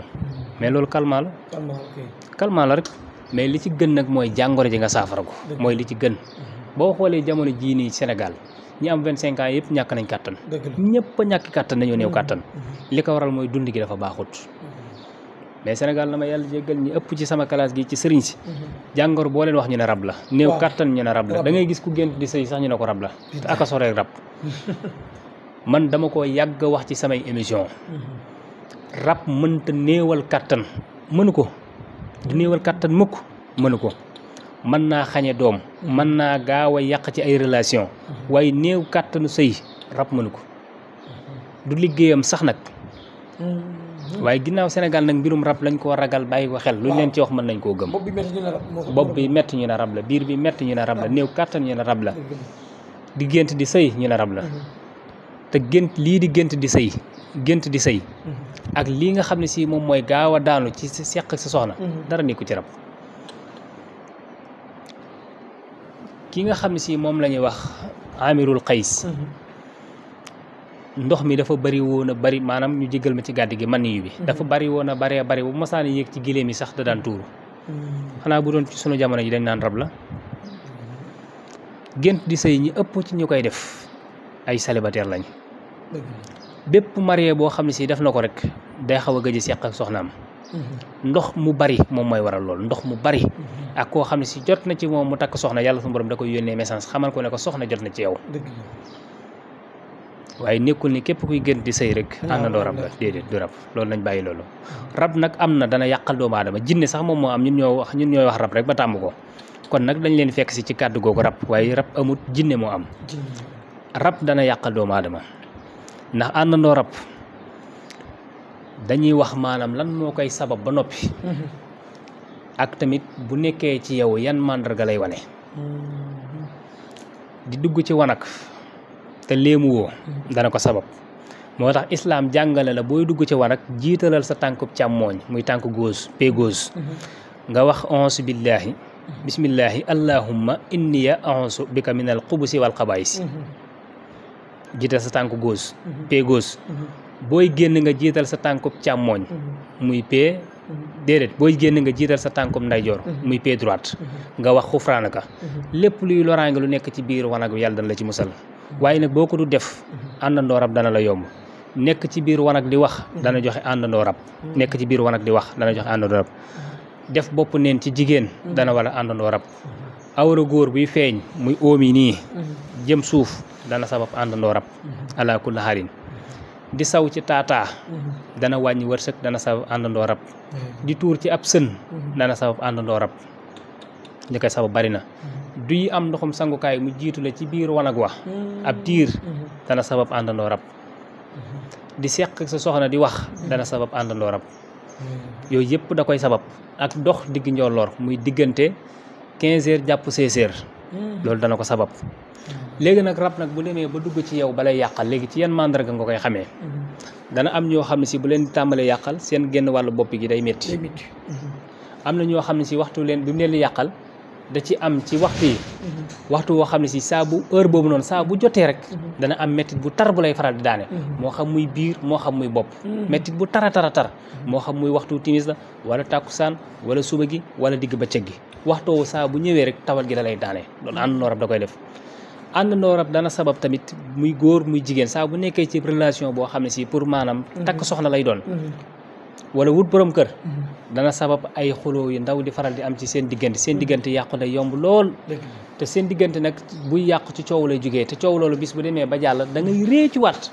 mais loolu calmant la calmant la rek mais li ci gën nag mooy jàngoro ji nga saafara ko boo xoolee jamono jii nii Sénégal ñi am vingt cinq ans yëpp ñàkk nañ kàttan ñëpp a ñàkk kàttan dañoo néew mm-hmm. kàttan mm-hmm. li ko waral mooy dund gi dafa baaxut mm-hmm. mais Sénégal na ma yàlla jéggal ñi ëpp ci sama classe gi ci sëriñ si jàngoro boo leen wax ñu ne rab la néew kàttan ñu ne rab la da ngay gis ku gént di sëy sax ñu ne ko rab la te aka soree *laughs* man dama ko yàgg wax ci samay émission rab mënta néewal kàttan mënu ko du néewal kàttan mukk mënu ko mën naa xañe doom mën naa gaaw a yàq ci ay relation waaye néew kàttanu sëy rab mënu ko du liggéeyam sax nag mm-hmm. waaye ginnaaw Sénégal nag mbirum rab lañ koo ragal bàyyi ko xel luñ leen ci wax mën nañ koo gëm bopp bi metti ñu ne rab la biir bi metti ñu ne rab la néew kàttan ñu ne rab la di gént di sëy ñu ne rab la mm-hmm. te gént lii di gént di sëy gént di sëy mm-hmm. ak lii nga xam ne si moom mooy gaaw a daanu ci seq sa soxna dara nekku ci rab ki nga xam si moom lañuy wax amirul qays mhm. ndox mi dafa bari woon a bari maanaam ñu jégal ma ci gàdd gi man yu bi mhm. dafa bari woon a baree bari bu masaan yéeg ci giléem yi sax da daan tuuru mhm. xanaa bu doon ci sunu jamono ji dañ naan rab la gént di sëy ñi ëpp ci ñu koy def ay célibataire lañ bépp marié boo xam ne sii def na ko rek day xaw a gëj seq ak soxnaam ndox mu bari moom mooy waral loolu ndox mu bari ak koo xam ne si jot na ci moom mu takk soxna yàlla suñu borom da koy yónnee message xamal ko ne ko soxna jot na ci yow waaye nekkul ni képp kuy gën di sëy rek àndandoo rab la déedéet du rab loolu nañ bàyyi loolu rab nag am na dana yàqal doomu aadama jinne sax moom moo am ñun ñoo wax ñun ñooy wax rab rek ba tàmm ko kon nag dañ leen fekk si ci kàddu googu rab waaye rab amut jinne moo am rab dana yàq doomu aadama dañuy wax maanaam lan moo koy sabab ba noppi mm-hmm. ak tamit bu nekkee ci yow yan màndarga lay wane mm-hmm. di dugg ci wanag te léemu woo mm-hmm. dana ko sabab moo tax islaam jàngale la booy dugg ci wanag jiitalal sa tànku càmmooñ muy tànk góos pe nga wax onsu billaahi bismillaahi allahumma inniya onsu bika minal xubusi wal xabaayis jiital sa tànku góos pe booy génn nga jiital sa tànkub càmmooñ mm-hmm. muy pied mm-hmm. déedéet booy génn nga jiital sa tànkub ndeyjoor mm-hmm. muy pied droite nga wax xufraanaka lépp luy loraange lu nekk ci biir wanag yàlla dana la ci musal waaye nag boo ko du def àndandoo rab dana la yomb nekk ci biir wanag di wax dana joxe àndandoo rab nekk ci biir wanag di wax dana joxe àndandoo def bopp neen ci jigéen dana wala àndandoo rab awra góor buy feeñ muy óom yi nii jëm suuf dana sabab àndandoo rab ala kulli di saw ci taataa mm-hmm. dana wàññi wërsëg dana saw àndandoo rab mm-hmm. di tuur ci ab sën mm-hmm. dana saw àndandoo rab li koy saw bari na duy am ndoxum sangukaay mu jiitu la ci biir wanag wa ab diir dana sabab àndandoo rab di seq sa soxna di wax dana sabab àndandoo rab yooyu yëpp da koy sabab ak dox digg njolloor muy diggante quinze heures jàpp seize Hmm. loolu dana ko sabab léegi nag rab nag bu demee ba dugg ci yow ba lay yàqal léegi ci yan màndarga nga koy xamee hmm. dana am ñoo xam ne si bu leen di tàmbalee yàqal seen génn wàllu bopp gi day métti hmm. am na ñoo xam ne si waxtu leen bi mu di yàqal da ci am ci waxtu yi mhm. waxtu woo xam ne si saabu bu heure boobu noonu saa bu jotee rek mhm. dana am méttit bu tar bu lay faral di daane mhm. moo xam muy biir moo xam muy bopp méttit bu tara tara tar moo xam muy waxtu timis la wala tàkkusaan wala suba gi wala digg bëccëg gi waxtu woowu saa bu ñëwee rek tawal gi da lay daane loolu ànd noorab da koy def ànd noorab dana sabab tamit muy góor muy jigéen saa bu nekkee ci relation boo xam ne si pour maanaam takk soxna lay doon wala wut borom kër mhm. dana sabab ay xuloo yu ndaw di faral di am ci seen diggante seen diggante yàqu na yomb lool te seen diggante nag buy yàqu ci coow lay jógee te coow loolu bis bu demee ba jàll da ngay rée ci waat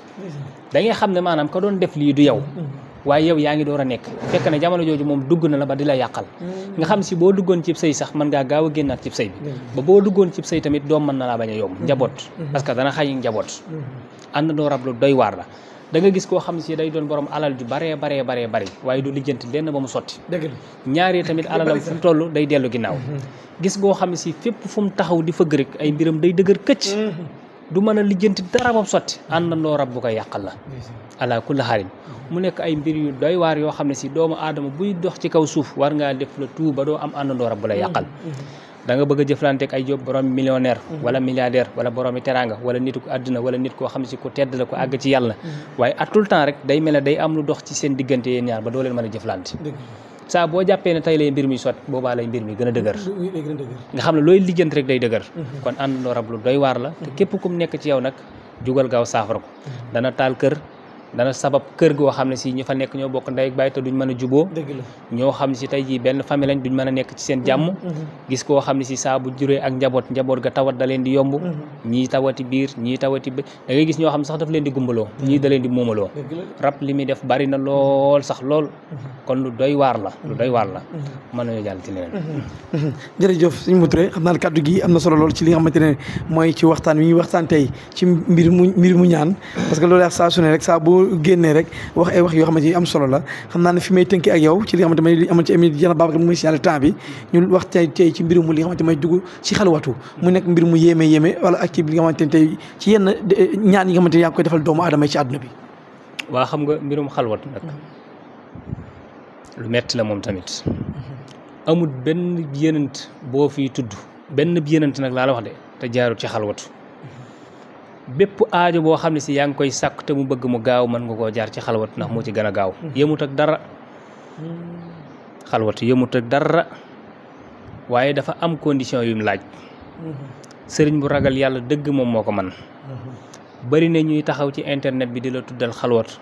da ngay xam ne maanaam ka doon def lii du yaw mhm. waaye yow yaa ngi door a nekk fekk na jamono jooju moom dugg na la ba di la yàqal mhm. nga xam si boo duggoon cib sëy sax man ngaa gaaw a génnaat cib sëy bi ba boo duggoon cib sëy tamit doom mën na laa bañ a njaboot parce que dana xayi da nga gis koo xam ne si day doon borom alal ju baree bare baree bari waaye du lijjanti lenn ba mu sotti ñaari tamit alalam fu mu toll day dellu ginnaaw mhm. gis goo xam ne si fépp fu mu taxaw di fëgg rek ay mbiram day dëgër këcc mhm. du mën a lijjanti dara ba mu sotti àndandoo rab bu koy yàqal la ala kulli xarim mu nekk ay mbir yu doy waar yoo xam ne si doomu aadama buy dox ci kaw suuf war ngaa def la tout ba doo am àndandoo rab bu la yàqal mhm. danga nga bëgg a jëflante ak ay job borom millionnaire mhm. wala milliardaire wala boroomi teraanga wala nit ku àdduna wala nit koo xam si ku tedd la ku àgg ci yàlla mhm. waaye à tout temps rek day mel ne day am lu dox ci seen diggante yéen ñaar ba doo leen mën a jëflante saa boo jàppee ne tey lay mbir mi sot boobaa lay mbir mi gën a dëgër nga xam ne looy lijjant rek day dëgër mhm. kon àndandoo rab lu doy waar la te képp kum nekk ci yow nag jugal gaaw saafara ko dana sabab kër goo xam ne si ñu fa nekk ñoo bokk ndey ak baay te duñ mën a juboo ñoo xam ne si tey jii benn famille lañ duñ mën a nekk ci seen jàmm mm-hmm. Mm-hmm. gis koo xam ne si saa juree ak njaboot njaboot ga tawat da leen di yomb mm-hmm. ñii tawati biir ñii tawati da ngay gis ñoo xam ne sax daf leen di gumbaloo ñii da leen di muumaloo rab li muy def bari na lool sax lool kon lu doy waar la lu doy waar la mën nañoo jàll ci leneen jërëjëf suñu muturé xam naa kàddu gi am na solo lool ci li xam xamante ne mooy ci waxtaan wi ñu waxtaan tey ci mbir mu mbir mu ñaan parce que loolu saa saa génnee rek wax ay wax yoo xamante ni am solo la xam naa ne fi may tënki ak yow ci li nga xamante ne li amoon ci émission Diène wax tey tey ci mbirum li nga xamante may dugg ci xalwatu mu nekk mbir mu yéeme yéeme wala ak ci li nga xamante ne tey ci yenn ñaan yi nga xamante ne yaa koy defal doomu aadama yi ci àdduna bi waa xam nga mbirum xalwatu nag lu metti la moom tamit amul benn yenant boo fi tudd benn yenant nag laa la wax de te jaarul ci xalwatu bépp aajo boo xam ne si yaa ngi koy sàkk te mu bëgg mu gaaw mën nga koo jaar ci xalwat ndax moo ci gën a gaaw hmm. yëmut ak dara hmm. xalwat yëmut ak dara waaye dafa am condition yu mu laaj hmm. sëriñ bu ragal yàlla dëgg moom moo ko man bari na ñuy taxaw ci internet bi di la tuddal xalwat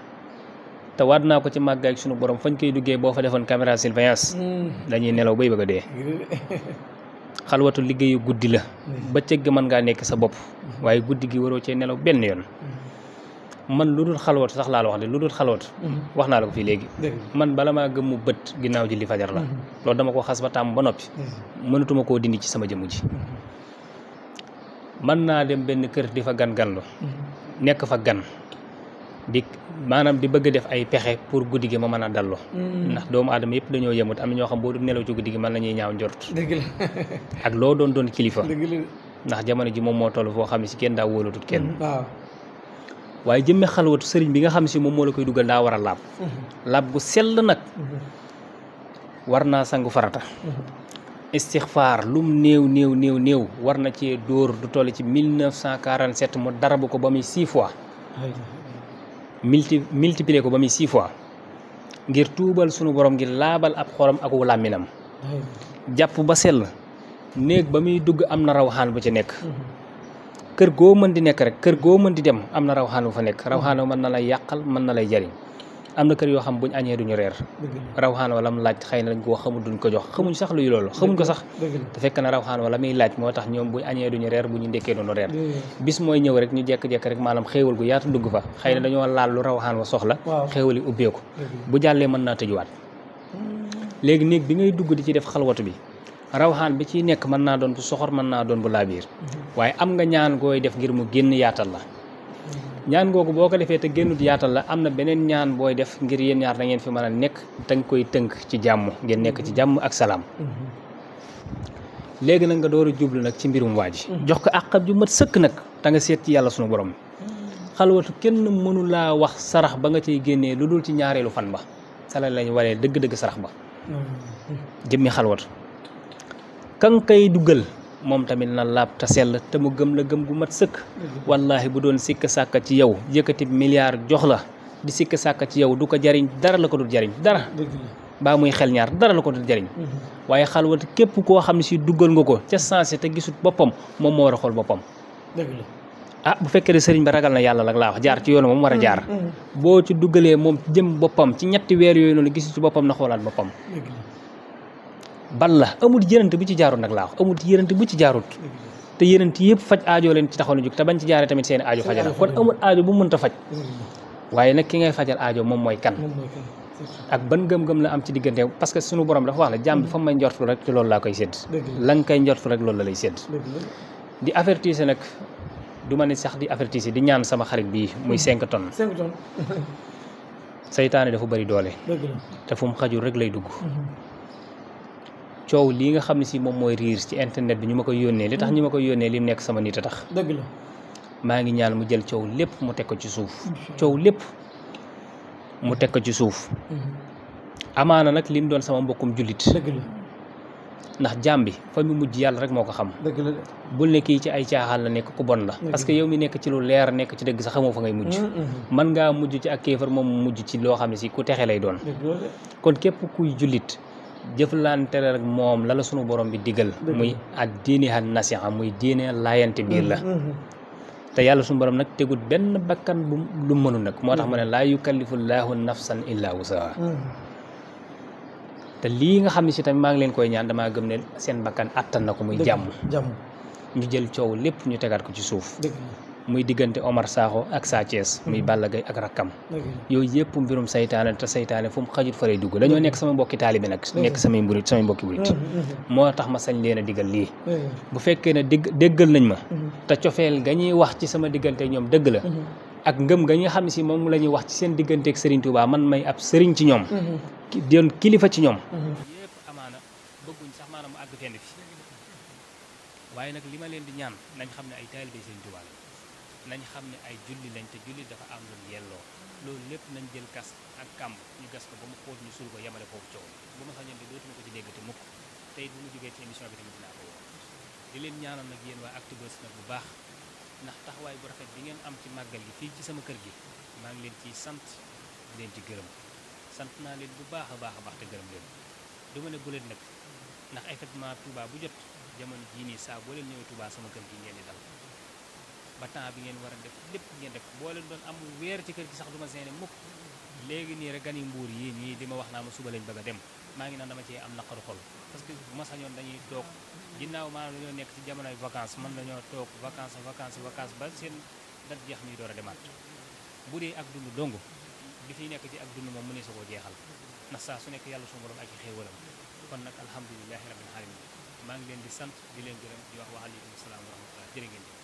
te waat naa ko ci màgg ak sunu borom fañ koy duggee boo fa defoon caméra surveillance dañuy nelaw bay bëgg dee *laughs* xalwatu liggéeyu guddi la mm-hmm. ba gi man ngaa nekk sa bopp mm-hmm. waaye guddi gi waroo cee nelaw benn yoon mm-hmm. man lu dul xalwatu sax laa la wax lu dul xalwatu wax naa la ko fii léegi man bala maa mu bët ginnaaw ji li fajar la loolu dama ko xas ba tàmm ba noppi mënatuma koo dindi ci sama jëmm ji mën naa dem benn kër di fa gan ganlu nekk fa gan di maanaam di bëgg def ay pexe pour guddi gi ma mën a dallu mm-hmm. ndax doomu aadama yëpp dañoo yemut am ñoo xam boo dul nelaw ci guddi gi mën nañuy ñaaw njort *laughs* ak loo doon doon kilifa ndax jamono ji moom moo toll foo xam ne si kenn daa wóolatut kenn mm-hmm. waaw waaye jëmme xalwatu sëriñ bi nga xam si moom moo la koy dugal daa war a laab mm-hmm. laab gu sell nag war naa sangu farata istixfaar lum néew néew néew néew war na cee dóor du toll ci mille mu darabu ko ba muy six fois multi multiplier ko ba muy six fois ngir tuubal sunu borom ngir laabal ab xolam ak wu làmminam jàpp ba sell néeg ba muy dugg am na rawxaan bu ci nekk kër goo mën di nekk rek kër goo mën di dem am na rawxaan bu fa nekk rawxaan mën na lay yàqal mën na lay jariñ am na kër yoo xam buñ añee duñu reer rawxaan wa mu laaj xëy na dañ koo xamul duñ ko jox xamuñ sax luy loolu xamuñ ko sax te fekk na rawxaan wala muy laaj moo tax ñoom buñ añee duñu reer bu ñu ndekkee duñu reer bis mooy ñëw rek ñu jekk-jekk rek maanaam xéewal gu yaatu dugg fa xëy na dañoo laal lu rawxaan wa soxla xéewal yi ubbeeku bu jàllee mën naa tëjuwaat hmm. léegi néeg bi ngay dugg di ci def xalwatu bi rawxaan bi ci nekk mën naa doon bu soxor mën naa doon bu laabiir hmm. waaye am nga ñaan gooy def ngir mu génn yaatal la ñaan googu boo ko defee te génnut yaatal la am na beneen ñaan booy def ngir yéen ñaar da ngeen fi mën a nekk te nga koy tënk ci jàmm ngeen nekk ci jàmm ak salaam léegi nag nga door a jublu nag ci mbirum waa ji jox ko àqab ju mat sëkk nag te nga seet ci yàlla sunu borom xalwatu kenn mënu laa wax sarax ba nga cay génnee lu dul ci ñaareelu fan ba sala lañ waree dëgg-dëgg sarax ba mm-hmm. jëmmi xalwatu kan kay duggal moom tamit na laab te sell te mu gëm la gëm gu mat sëkk wallaahi bu doon sikk sàkk ci yow yëkkati milliard jox la di sikk sàkk ci yow du ko jariñ dara la ko dul jariñ dara baa muy xel ñaar dara la ko dul jariñ mhm. waaye xalwat képp koo xam ne si duggal nga ko ca sensé te gisut boppam moom moo war a xool boppam ah bu fekkee ne sëriñ ba ragal na yàlla nag laa jaar ci yoonu moom war a mhm, jaar mhm. boo ci duggalee moom jëm boppam ci ñetti weer yooyu noonu gisu ci boppam na xoolaat boppam ban la amul yërënt bu ci jaarut nag laa wax amul yërënt bu ci jaarut te yërënt yëpp faj aajoo leen ci taxaw na jóg te bañ ci jaaree tamit seen aajo fajana kon amul aajo bu mënta faj waaye nag ki ngay fajal aajo moom mooy kan ak ban gëm-gëm la am ci diggante parce que sunu borom dafa wax la jàmm bi fa may njortu rek ci loolu laa koy sédd lan nga koy njortu rek loolu la lay sédd di avertise nag du ma ne sax di avertise di ñaan sama xarit bii muy mm. cinq tonnes cinq tonnes seytaane dafa bëri doole te fu rek lay dugg mm-hmm. coow lii nga xam ne si moom mooy riir ci internet bi ñu ma koy yónnee li tax mm-hmm. ñu ma ko yónnee li mu nekk sama nit a tax. dëgg la maa ngi ñaan mu jël coow lépp mu teg ko ci suuf. coow lépp mu teg ko ci suuf. Mm-hmm. amaana nag li mu doon sama mbokkum jullit. dëgg la ndax jaam bi fa mu mujj yàlla rek moo ko xam. dëgg la bul ne ci ay caaxaan la nekk ku bon la. parce que yow mi nekk ci lu leer nekk ci dëgg sax xamoo fa ngay mujj. man mm-hmm. ngaa mujj ci ak kéefar moom mujj ci loo xam ne si ku texe lay doon. jëflante rek moom lala la sunu borom bi digal muy ak diine ak muy diine laayante biir la mm-hmm. te yàlla sunu borom nag tegut benn bakkan lu mënu nag moo tax mu ne laa yukallifu llaahu nafsan illaa wusaha mm-hmm. te lii nga xam ne si tamit maa ngi leen koy ñaan damaa gëm ne seen bakkan attan na ko muy jàmm ñu jël coow lépp ñu tegaat ko ci suuf muy diggante Omar Sakho ak Sa Thiès muy mhm. Balla Gaye ak rakkam yooyu yëpp mbirum saytaane te saytaane fu mu xajut faree dugg dañoo nekk sama mbokki taalibe nag nekk samay mburit samay mbokki mhm, mhm. moo tax ma sañ leen a digal lii bu fekkee ne dégg déggal nañ ma te cofeel ga wax ci sama diggante ñoom dëgg la ak ngëm ga nga xam ne si moom la ñuy wax ci seen diggante ak Serigne Touba man may ab sëriñ ci ñoom doon kilifa ci ñoom yëpp amaana bëgguñ sax maanaam mu àgg fenn fi li ma leen di ñaan nañ nañ xam ne ay julli lañ te julli dafa am lu yelloo loolu lépp nañ jël kas ak kàmb ñu gas ko ba mu xóot ñu suul ko yemale foofu coow bu ma sañoon de dootuma ko ci déggati mukk tey bu mu jógee ci émission bi tamit dinaa ko woo di leen ñaanal nag yéen waa Actubuzz nag bu baax ndax taxawaay bu rafet bi ngeen am ci màggal gi fii ci sama kër gi maa ngi leen ciy sant leen ci gërëm sant naa leen bu baax a baax a baax te gërëm leen du ma ne bu leen nag ndax effectivement Touba bu jot jamono jii nii saa leen ñëwee Touba sama kër gi ngeen di dal ba temps bi ngeen war a def lépp ngeen def boo leen doon am weer ci kër gi sax du ma seene mukk léegi nii rek gan yi mbuur yi nii di ma wax naa ma suba lañ bëgg a dem maa ngi naan dama cee am naqaru xol parce que bu ma sañoon dañuy toog ginnaaw maanaam dañoo nekk ci jamonoy vacances mën nañoo toog vacances vacances vacances ba seen dat jeex ñuy door a demaat bu dee ak dund dong bi fiy nekk ci ak dund moom mu ne sa jeexal ndax saa su nekk yàlla suñu borom ak ci xéewalam kon nag alhamdulilahi rabbil maa ngi leen di sant di leen gërëm di wax wa aleykum salaam wa rahmatullah